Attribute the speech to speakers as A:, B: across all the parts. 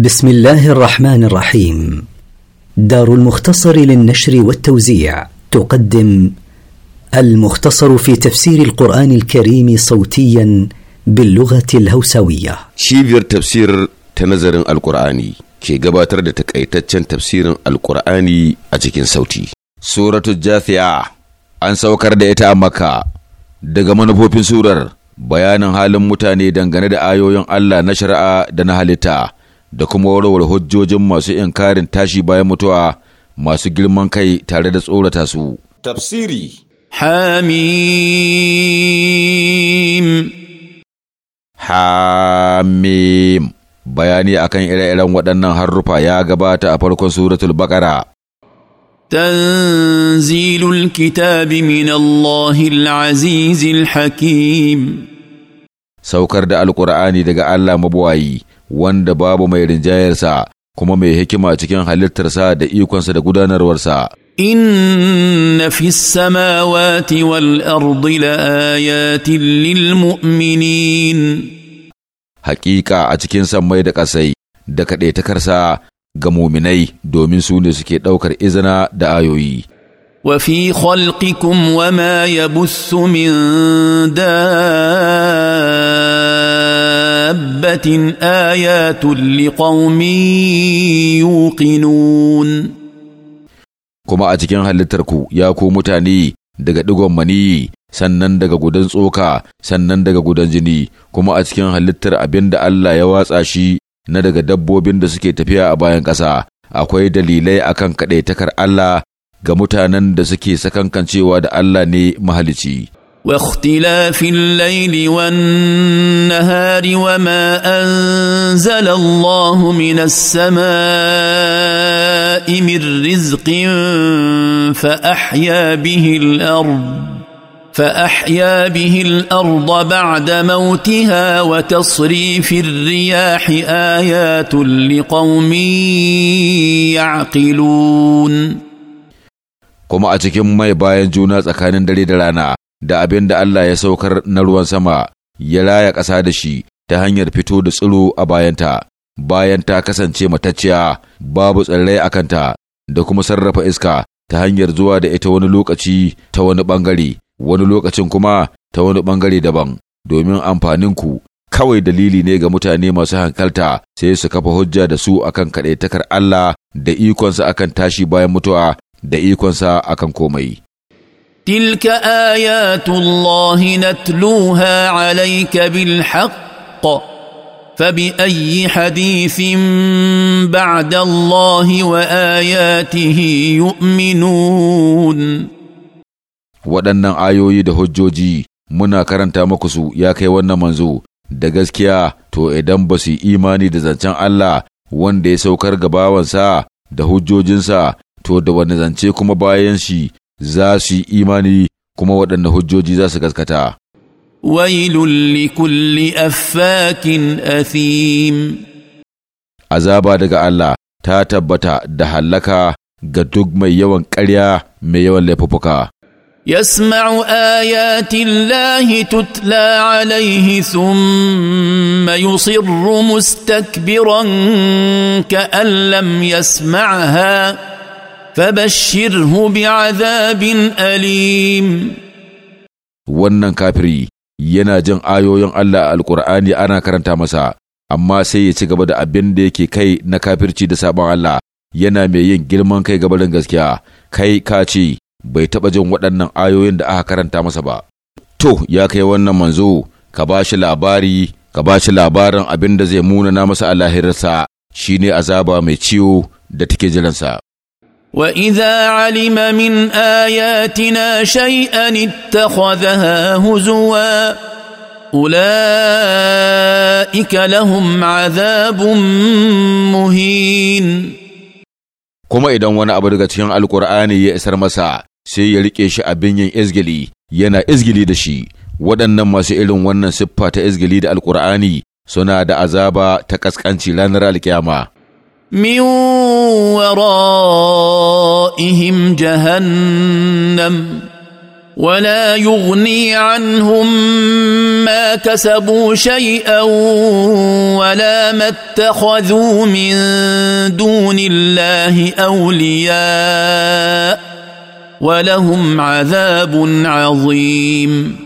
A: بسم الله الرحمن الرحيم دار المختصر للنشر والتوزيع تقدم المختصر في تفسير القرآن الكريم صوتيا باللغة الهوسوية
B: شيفير تفسير تنظر القرآني كي قباتر تكأيتتشن تفسير القرآني أجيكين صوتي سورة الجاثية أن سوكر دائتا مكا دقمان بوبين سورر bayanin halin متاني dangane دا آيو ين الله shari'a da na da kuma warware hujjojin masu yin inkarin tashi bayan mutuwa masu girman kai tare da tsorata su.
A: Tafsiri Hamim
B: Hamim Bayani akan ire-iren waɗannan harrufa ya gabata a farkon suratul Baƙara.
A: تنزيل الكتاب من الله العزيز الحكيم
B: سوكر da alƙur'ani daga Allah mabuwayi wanda babu mai rinjayarsa kuma mai hikima cikin halittarsa da ikonsa da gudanarwarsa.
A: إن في السماوات والأرض لآيات للمؤمنين
B: حقيقة أتكين سمي دا قسي دا كده تكرسا غمومني دومين سوني سكي دوكر إذنا دا آيوي
A: وفي خلقكم وما يبث من دار آيات آيات لقوم يوقنون kuma a
B: cikin halittarku ya ku mutane daga digon maniyi sannan daga gudan tsoka sannan daga gudan jini kuma a cikin halittar abin da Allah ya watsa shi na daga dabbobin da suke tafiya a bayan ƙasa akwai dalilai akan kaɗaitakar Allah ga mutanen da suke sakankancewa da Allah ne mahalici.
A: واختلاف الليل والنهار وما انزل الله من السماء من رزق فاحيا به الارض فاحيا به الارض بعد موتها وتصريف الرياح ايات لقوم يعقلون
B: kuma a cikin mai bayan juna tsakanin dare da rana da abin da Allah ya saukar na ruwan sama ya raya ƙasa da shi ta hanyar fito da tsiro a bayanta, bayan ta kasance matacciya babu tsirrai a kanta da kuma sarrafa iska ta hanyar zuwa da ita wani lokaci ta wani ɓangare, wani lokacin kuma ta wani ɓangare daban, domin amfaninku kawai dalili ne ga mutane masu hankalta sai su kafa hujja da su akan kaɗaitakar Allah da ikonsa akan tashi bayan mutuwa da ikonsa akan komai.
A: تلك ايات الله نتلوها عليك بالحق فباي حديث بعد الله واياته يؤمنون
B: waɗannan ayoyi da hujjoji muna karanta muku su ya kai wannan manzo da gaskiya to idan ba su imani da zancen Allah wanda ya saukar ga bawansa da hujjojinsa to da wani zance kuma bayan shi za su yi imani kuma waɗanne hujjoji za su gaskata.
A: Wailun likulli affakin athim.
B: Azaba daga Allah ta tabbata da hallaka ga duk mai yawan ƙarya mai yawan laifuffuka.
A: yasma'u ايات الله تتلى عليه ثم يصر مستكبرا كان لم يسمعها فبشره بعذاب أليم
B: wannan kafiri yana jin ayoyin Allah a Alƙur'ani ana karanta masa, amma sai ya ci gaba da abin da yake kai na kafirci da sabon Allah yana mai yin girman kai gabarin gaskiya, kai ka ce bai taɓa jin waɗannan ayoyin da aka karanta masa ba. To, ya kai wannan manzo, ka ba shi labari, ka ba shi labarin abin da zai munana masa a lahirarsa, shi azaba mai ciwo da take jiransa.
A: واذا علم من اياتنا شيئا اتخذها هزوا اولئك لهم عذاب مهين
B: kuma idan wani abu daga cikin alkur'ani ya isar masa sai ya rike shi abin yin izgili yana izgili da shi waɗannan masu irin wannan siffa ta izgili da alkur'ani suna da azaba ta ƙasƙanci ranar alkyama
A: من ورائهم جهنم ولا يغني عنهم ما كسبوا شيئا ولا ما اتخذوا من دون الله اولياء ولهم عذاب عظيم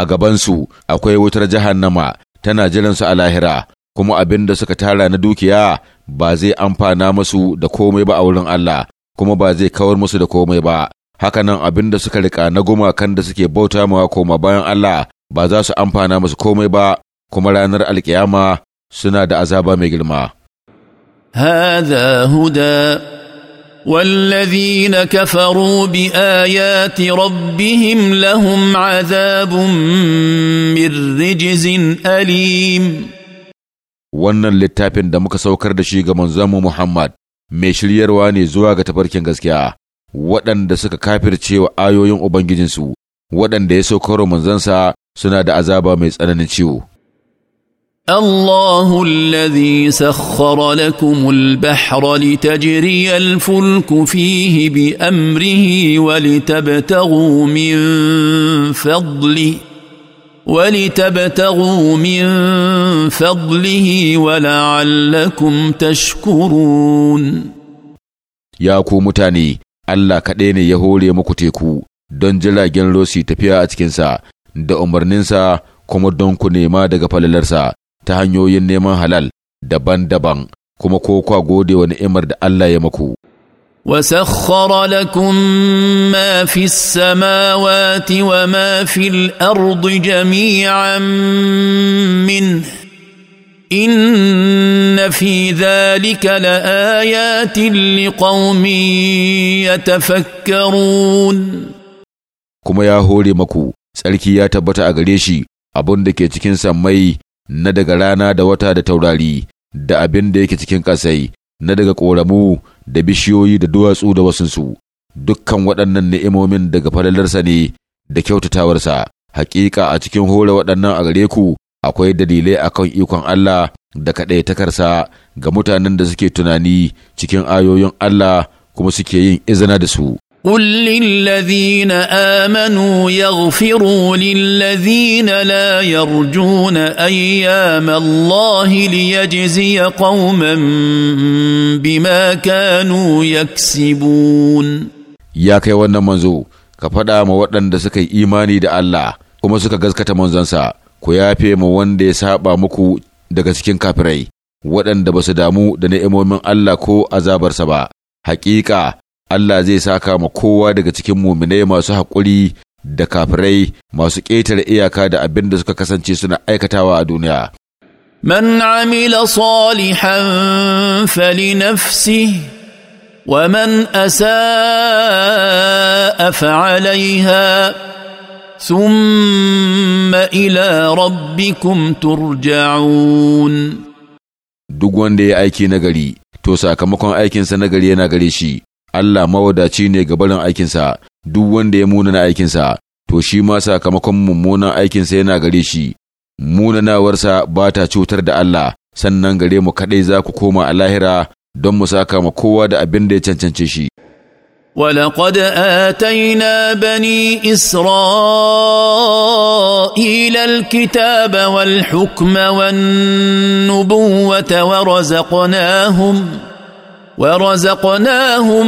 B: a gabansu akwai wutar jahannama tana jiransu a lahira kuma abin da suka tara na dukiya ba zai amfana musu da komai ba a wurin Allah kuma ba zai kawar musu da komai ba hakanan abin da suka rika na gumakan da suke bauta mawa koma bayan Allah ba za su amfana musu komai ba kuma ranar alkiyama suna da azaba mai girma
A: هذا هدى والذين كفروا بايات ربهم لهم عذاب من رجز alim.
B: wannan littafin da muka saukar da shi ga manzonmu Muhammad mai shiryarwa ne zuwa ga tafarkin gaskiya waɗanda suka kafirce wa ayoyin Ubangijinsu waɗanda ya saukar manzansa suna da azaba mai tsananin ciwo.
A: الله الذي سخر لكم البحر لتجري الفلك فيه بأمره ولتبتغوا من فضله ولتبتغوا من فضله ولعلكم تشكرون
B: ya ku mutane Allah kaɗai ne ya hore maku teku don jiragen rosi tafiya a cikinsa da umarninsa kuma don ku nema daga falalarsa ta hanyoyin neman halal daban-daban kuma ko kwa gode wa ni'imar da Allah ya maku.
A: وسخر لكم ما في السماوات وما في الارض جميعا منه ان في ذلك لايات لقوم يتفكرون
B: kuma ya hore maku tsarki ya tabbata a gare shi abin da ke cikin sammai na daga rana da wata da taurari da abin da yake cikin ƙasai na daga ƙoramu da bishiyoyi da duwatsu da wasunsu dukkan waɗannan ni'imomin daga falalarsa ne da kyautatawarsa hakika a cikin hore waɗannan a gare ku akwai dalilai akan ikon Allah da kaɗaitakarsa ga mutanen da suke tunani cikin ayoyin Allah kuma suke yin izina da su
A: قل للذين امنوا يغفروا للذين لا يرجون ايام الله ليجزي قوما بما كانوا يكسبون
B: يا kai wannan manzo ka faɗa ma waɗanda suka yi imani da Allah kuma suka gaskata manzonsa ku yafe ma wanda ya saɓa muku daga cikin kafirai waɗanda ba su damu da ni'imomin Allah ko azabarsa ba haƙiƙa Allah zai saka ma kowa daga cikin muminai masu haƙuri da kafirai masu ƙetare iyaka da abin da suka kasance suna aikatawa a duniya.
A: Man من عمل صالحا فلنفسه ومن اساء fa'alaiha summa ila rabbikum turja'un"
B: duk wanda ya aiki nagari to sakamakon aikinsa nagari yana gare shi Allah mawadaci ne ga barin aikinsa, duk wanda ya muna na aikinsa, to shi ma sakamakon mummunan aikinsa yana gare shi, munanawarsa ba ta cutar da Allah, sannan gare mu kaɗai za ku koma a lahira don mu saka ma kowa da abin da ya cancance shi.
A: ولقد اتينا بني اسرائيل الكتاب والحكم والنبوه ورزقناهم ورزقناهم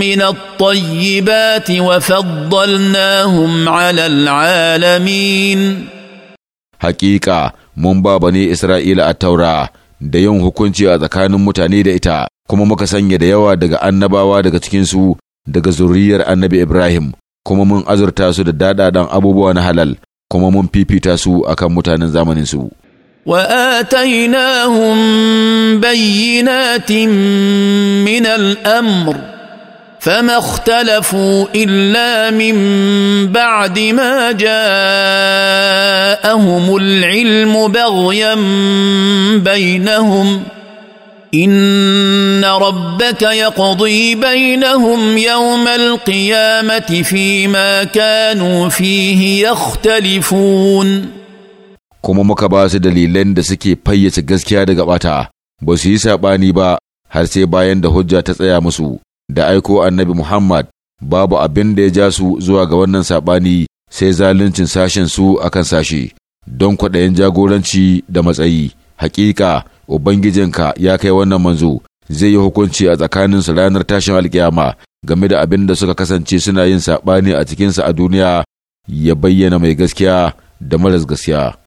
A: من الطيبات وفضلناهم على العالمين
B: حقيقة mun ba bane Isra'ila a taura da yin hukunci a tsakanin mutane da ita, kuma muka sanya da yawa daga annabawa daga cikinsu daga zuriyar annabi Ibrahim, kuma mun azurta su da daɗaɗan abubuwa na halal, kuma mun fifita su akan mutanen zamaninsu.
A: واتيناهم بينات من الامر فما اختلفوا الا من بعد ما جاءهم العلم بغيا بينهم ان ربك يقضي بينهم يوم القيامه فيما كانوا فيه يختلفون
B: kuma muka ba su dalilan da suke fayyace gaskiya daga ɓata, ba su yi saɓani ba har sai bayan da hujja ta tsaya musu, da aiko annabi Muhammad babu abin da ya ja su zuwa ga wannan saɓani sai zaluncin sashen su akan sashe, don kwaɗayin jagoranci da matsayi. Hakika, Ubangijinka ya kai wannan manzo, zai yi hukunci a tsakanin su ranar tashin alkiyama game da abin da suka kasance suna yin saɓani a cikinsa a duniya ya bayyana mai gaskiya da maras gaskiya.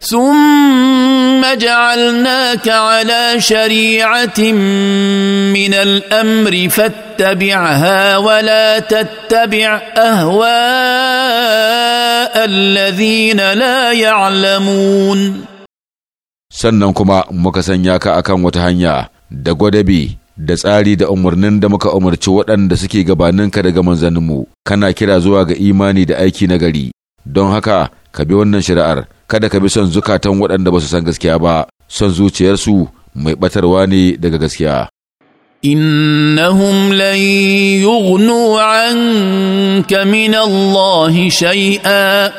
A: ثم جعلناك على شريعه من الامر فاتبعها ولا تتبع اهواء الذين لا يعلمون
B: sannan kuma muka sanya ka akan wata hanya da gwadabi da tsari da umarnin da muka umarci waɗanda suke gabaninka daga manzanninmu kana kira zuwa ga imani da aiki nagari don haka ka bi wannan shari'ar kada ka bi son zukatan waɗanda ba su san gaskiya ba son zuciyarsu mai ɓatarwa ne daga gaskiya
A: إنهم لن يغنوا عنك من الله شيئا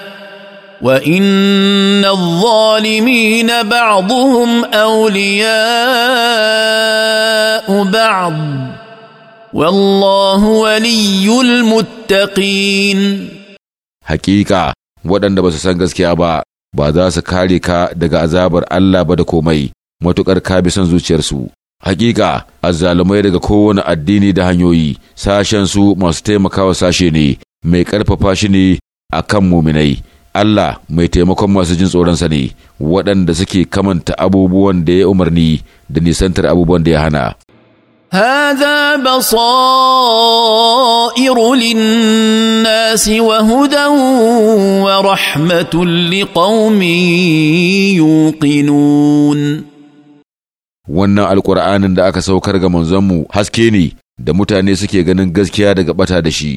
A: وإن الظالمين بعضهم أولياء بعض والله ولي المتقين
B: حقيقة waɗanda ba su san gaskiya ba ba za su kare ka daga azabar Allah ba da komai matuƙar ka bi son zuciyarsu hakika azzalumai daga kowane addini da hanyoyi sashen su masu taimakawa sashe ne mai ƙarfafa shi ne a kan muminai Allah mai taimakon masu jin tsoronsa ne waɗanda suke kamanta abubuwan da ya umarni da nisantar abubuwan da ya hana
A: هذا بصائر للناس وهدى ورحمه لقوم يوقنون
B: wannan alkur'anin da aka saukar ga manzonmu haske ne da mutane suke ganin gaskiya daga bata da shi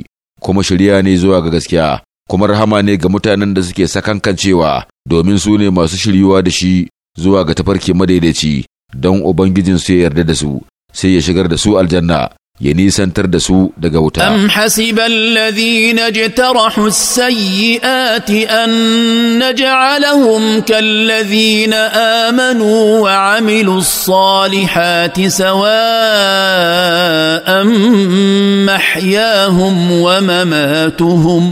B: kuma shirya ne zuwa ga gaskiya kuma rahama ne ga mutanen da suke sakankancewa domin su ne masu shiryuwa da shi zuwa ga tafarki madaidaici don ubangijin ya yarda da su sai ya shigar da su aljanna ya nisantar da su daga wuta. Am
A: hasiba alladhina jtarahu as-sayyi'ati an naj'alahum kalladhina amanu wa 'amilu s-salihati sawa'an mahyahum wa mamatuhum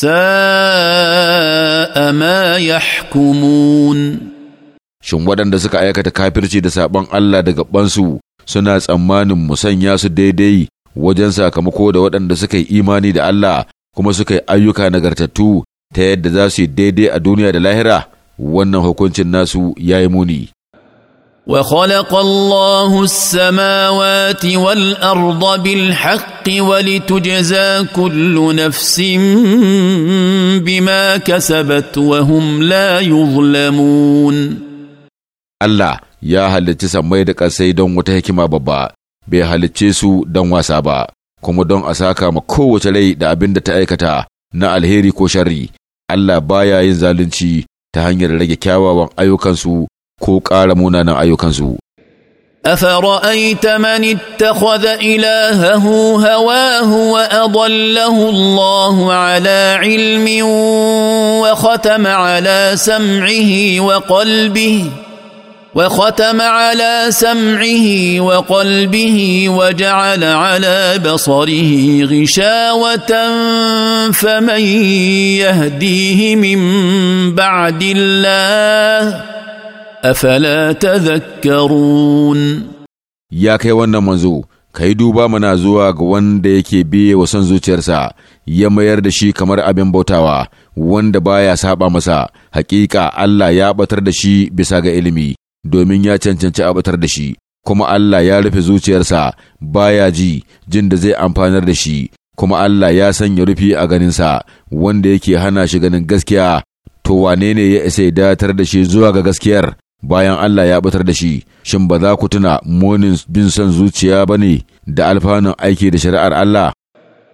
A: sa'a ma yahkumun.
B: Shin waɗanda suka
A: aikata kafirci da saɓon
B: Allah da gabansu suna tsammanin mu sanya su daidai wajen sakamako da waɗanda suka yi imani da Allah kuma suka yi ayyuka nagartattu ta yadda za su yi daidai a duniya da lahira wannan hukuncin nasu ya yi muni.
A: وخلق الله السماوات والارض بالحق ولتجزى كل نفس بما كسبت وهم لا يظلمون
B: الله ya halicci sammai da ƙasai don wata hikima babba, bai halicce su don wasa ba, kuma don a saka ma kowace rai da abin da ta aikata na alheri ko sharri. Allah baya yin zalunci ta hanyar rage kyawawan ayyukansu ko ƙara munanan ayyukansu.
A: أفرأيت من اتخذ إلهه هواه وأضله الله على علم وختم على سمعه وقلبه وختم على سمعه وقلبه وجعل على بصره غشاوه فمن يهديه من بعد الله افلا تذكرون
B: يا كي wannan manzo kai duba mana zuwa ga wanda yake biye wa son zuciyarsa ya mayar da shi kamar abin bautawa wanda baya saɓa masa haƙiƙa Allah ya ɓatar da shi bisa ga ilimi domin ya cancanci abatar da shi kuma Allah ya rufe zuciyarsa baya ji jin da zai amfanar da shi kuma Allah ya sanya rufi a ganinsa wanda yake hana shi ganin gaskiya to wane ne ya isa datar da shi zuwa ga gaskiyar bayan Allah ya batar da shi shin ba za ku tuna munin bin son zuciya ba ne da alfanun aiki da shari'ar Allah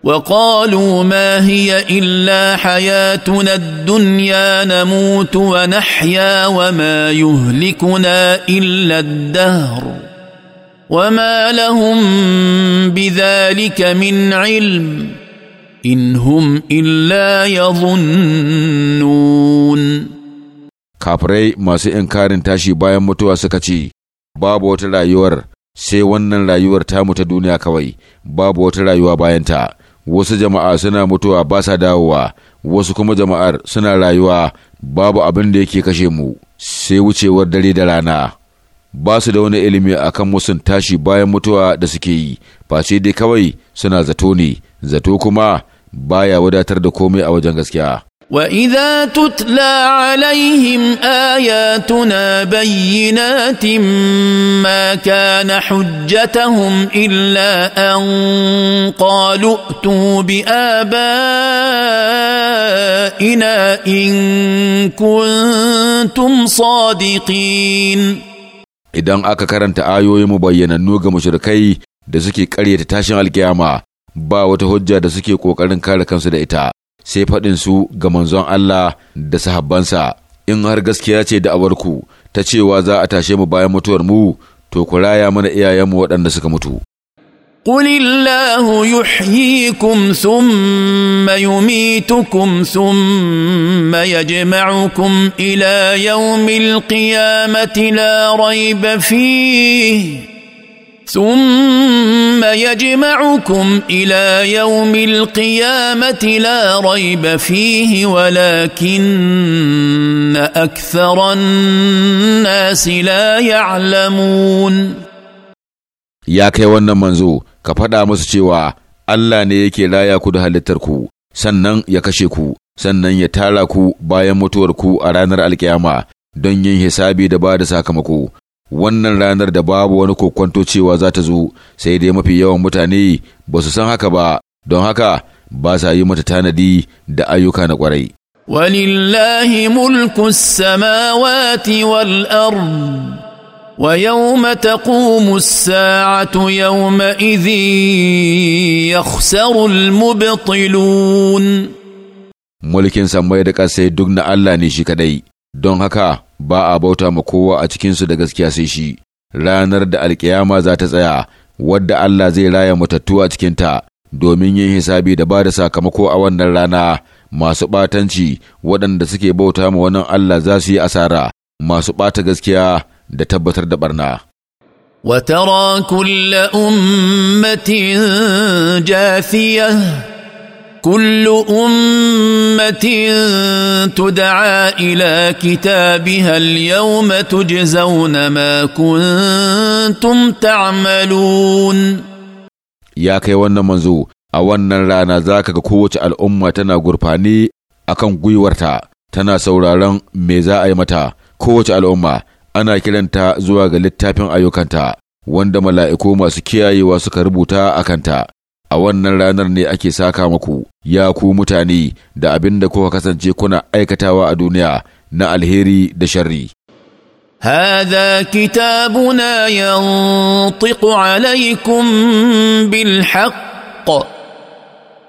A: وقالوا ما هي الا حياتنا الدنيا نموت ونحيا وما يهلكنا الا الدهر وما لهم بذلك من علم ان هم الا يظنون
B: kafirai masu inkarin tashi bayan mutuwa suka ce babu wata rayuwar sai wannan rayuwar ta ta duniya kawai babu wata rayuwa bayanta wasu jama'a suna mutuwa ba sa dawowa wasu kuma jama'ar suna rayuwa babu abin da yake kashe mu sai wucewar dare da rana ba su da wani ilimi a kan musun tashi bayan mutuwa da suke yi face dai kawai suna zato ne zato kuma baya wadatar da komai a wajen gaskiya
A: واذا تتلى عليهم اياتنا بينات ما كان حجتهم الا ان قالوا ائتوا بابائنا ان كنتم صادقين idan aka
B: karanta ayoyin mu bayyanannu ga mushrikai da suke karyata tashin alkiyama ba wata hujja da suke ƙoƙarin kare kansu da ita sai faɗin su ga manzon Allah da sahabbansa in har gaskiya ce da abarku ta cewa za a tashe mu bayan mutuwar mu to ku raya mana iyayenmu waɗanda suka mutu
A: قل الله يحييكم ثم يميتكم ثم يجمعكم الى يوم القيامه لا ريب فيه ثم يجمعكم الى يوم القيامه لا ريب فيه ولكن اكثر الناس لا يعلمون
B: ya kai wannan manzo ka faɗa musu cewa Allah ne yake raya ku da halittarku sannan ya kashe ku sannan ya tara ku bayan mutuwar ku a ranar alkiyama don yin hisabi da ba da sakamako wannan ranar da babu wani kokwanto cewa za ta zo sai dai mafi yawan mutane ba su san haka ba don haka ba sa yi mata tanadi da ayyuka na kwarai
A: ولله ملك السماوات والارض ويوم تقوم الساعه يومئذ يخسر المبطلون
B: mulkin sammai da ƙasai duk na Allah ne shi kadai don haka ba a bauta ma kowa a cikinsu da gaskiya sai shi ranar da alkiyama za ta tsaya wadda Allah zai raya matattu a cikinta domin yin hisabi da ba da sakamako a wannan rana masu ɓatanci waɗanda suke bauta ma wannan Allah za su yi asara masu ɓata gaskiya da tabbatar da barna.
A: وترى كل كل امه تدعى الى كتابها اليوم تجزون ما كنتم تعملون
B: يا kai wannan manzo a wannan rana za ga kowace al'umma tana gurfani a kan gwiwarta tana sauraron me za a yi mata kowace al'umma ana kiranta zuwa ga littafin ayyukanta wanda mala'iku masu kiyayewa suka rubuta a kanta a wannan ranar ne ake saka maku ya ku mutane da abin da kuka kasance kuna aikatawa a duniya na alheri da
A: sharri هذا كتابنا ينطق عليكم بالحق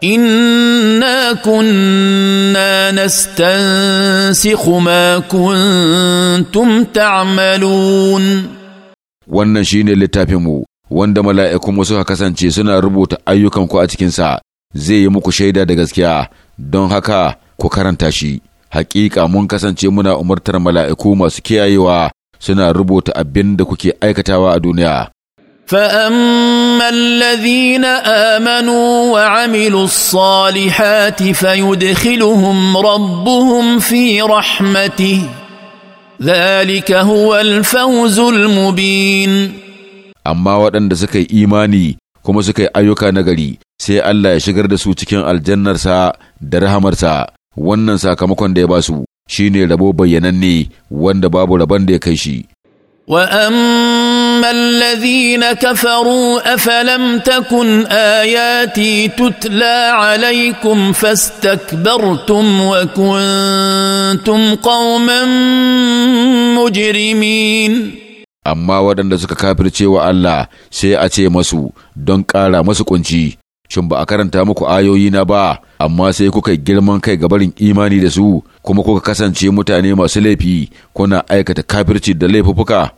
A: انا كنا نستنسخ ما كنتم تعملون wannan
B: shine littafinmu wanda mala'ikunmu suka kasance suna rubuta ayyukanku a cikinsa zai yi muku shaida da gaskiya don haka ku karanta shi. Hakika mun kasance muna umartar mala'iku masu kiyayewa suna rubuta abin da kuke aikatawa a duniya.
A: wa الذين امنوا وعملوا الصالحات فيدخلهم ربهم في رحمته ذلك هو الفوز المبين
B: amma waɗanda suka yi imani kuma suka yi ayyuka nagari sai Allah ya shigar da su cikin aljannarsa da rahamarsa wannan sakamakon da ya ba su shine rabo bayyananne wanda babu rabon da ya kai shi
A: وأما الذين كفروا أفلم تكن آياتي تتلى عليكم فاستكبرتم وكنتم قوما مجرمين
B: amma waɗanda suka kafirce wa Allah sai a ce masu don ƙara masu kunci shin ba a karanta muku ayoyi na ba amma sai kuka girman kai gabarin imani da su kuma kuka kasance mutane masu laifi kuna aikata kafirci da laifuka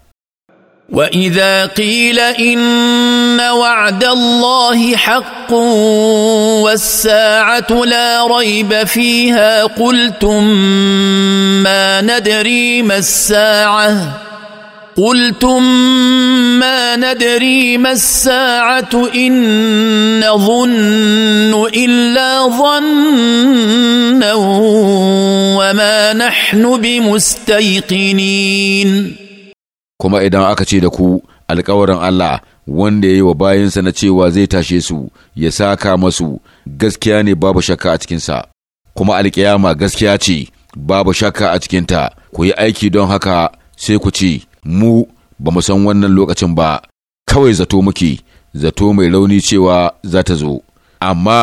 A: وإذا قيل إن وعد الله حق والساعة لا ريب فيها قلتم ما ندري ما الساعة قلتم ما ندري ما الساعة إن نظن إلا ظنا وما نحن بمستيقنين
B: kuma idan aka ce da ku alkawarin Allah wanda ya yi wa bayansa na cewa zai tashe su ya saka masu gaskiya ne babu shakka a cikinsa kuma alkiyama gaskiya ce babu shakka a cikinta ku yi aiki don haka sai ku ce mu ba mu san wannan lokacin ba kawai zato muke zato mai rauni cewa za ta zo amma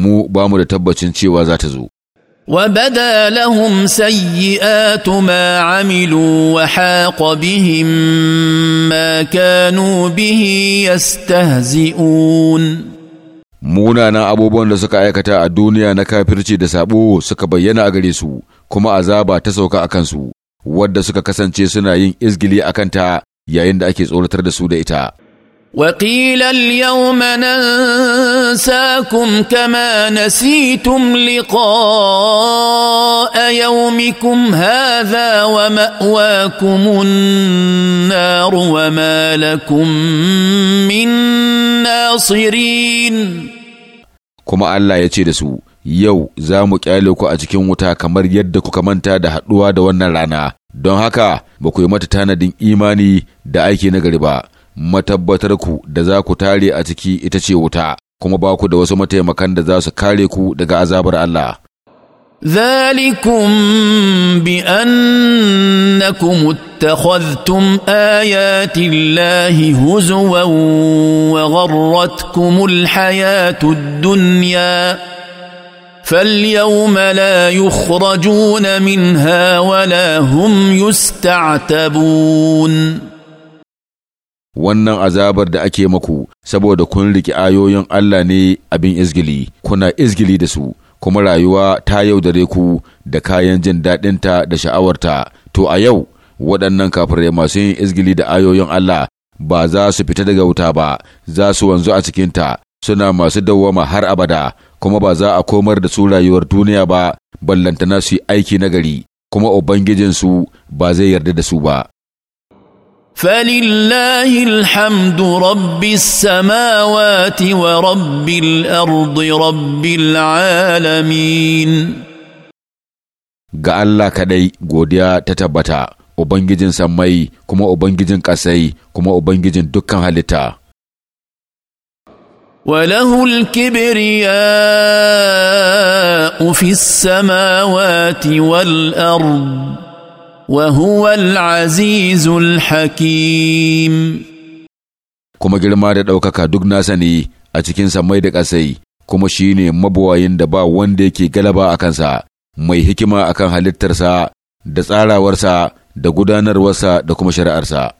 B: mu ba mu da tabbacin cewa za ta zo
A: وبدا لهم سيئات ما عملوا وحاق بهم ما كانوا به يستهزئون
B: munanan abubuwan da suka aikata a duniya na kafirci da sabo suka bayyana a gare su kuma azaba ta sauka a kansu wadda suka kasance suna yin izgili a kanta yayin da ake tsoratar da su da ita.
A: وقيل اليوم ننساكم كما نسيتم لقاء يومكم هذا وماواكم النار وما لكم من ناصرين
B: كما الله يتشي yau za mu kyale ku a cikin wuta kamar yadda kuka manta da haɗuwa da wannan rana, don haka ba ku yi mata tanadin imani da aiki na gari ba, matabbatar ku da za ku tare a ciki ita ce wuta, kuma ba ku da wasu mataimakan da za su kare ku daga azabar Allah.
A: ذلكم بانكم اتخذتم ayatillahi الله هزوا وغرتكم الحياه duniya. فاليوم لا يخرجون منها ولا هم يستعتبون
B: wannan azabar da ake maku saboda kun riƙe ayoyin Allah ne abin izgili kuna izgili da su kuma rayuwa ta yaudare ku da kayan jin daɗinta da sha'awarta to a yau waɗannan kafirai masu yin izgili da ayoyin Allah ba za su fita daga wuta ba za su wanzu a cikinta suna masu dawwama har abada kuma ba za a komar da su rayuwar duniya ba ballantana su yi aiki nagari kuma ubangijinsu ba zai yarda da su ba
A: فلله الحمد رب wa rabbil الارض rabbil العالمين
B: ga Allah kaɗai godiya ta tabbata ubangijin sammai kuma ubangijin ƙasai kuma ubangijin dukkan halitta
A: وله الكبرياء في السماوات والارض وهو العزيز الحكيم
B: kuma girma da ɗaukaka duk nasa ne a cikin mai da ƙasai kuma shi ne mabuwayin da ba wanda yake galaba a kansa mai hikima akan halittarsa da tsarawarsa da gudanarwarsa da kuma shari'arsa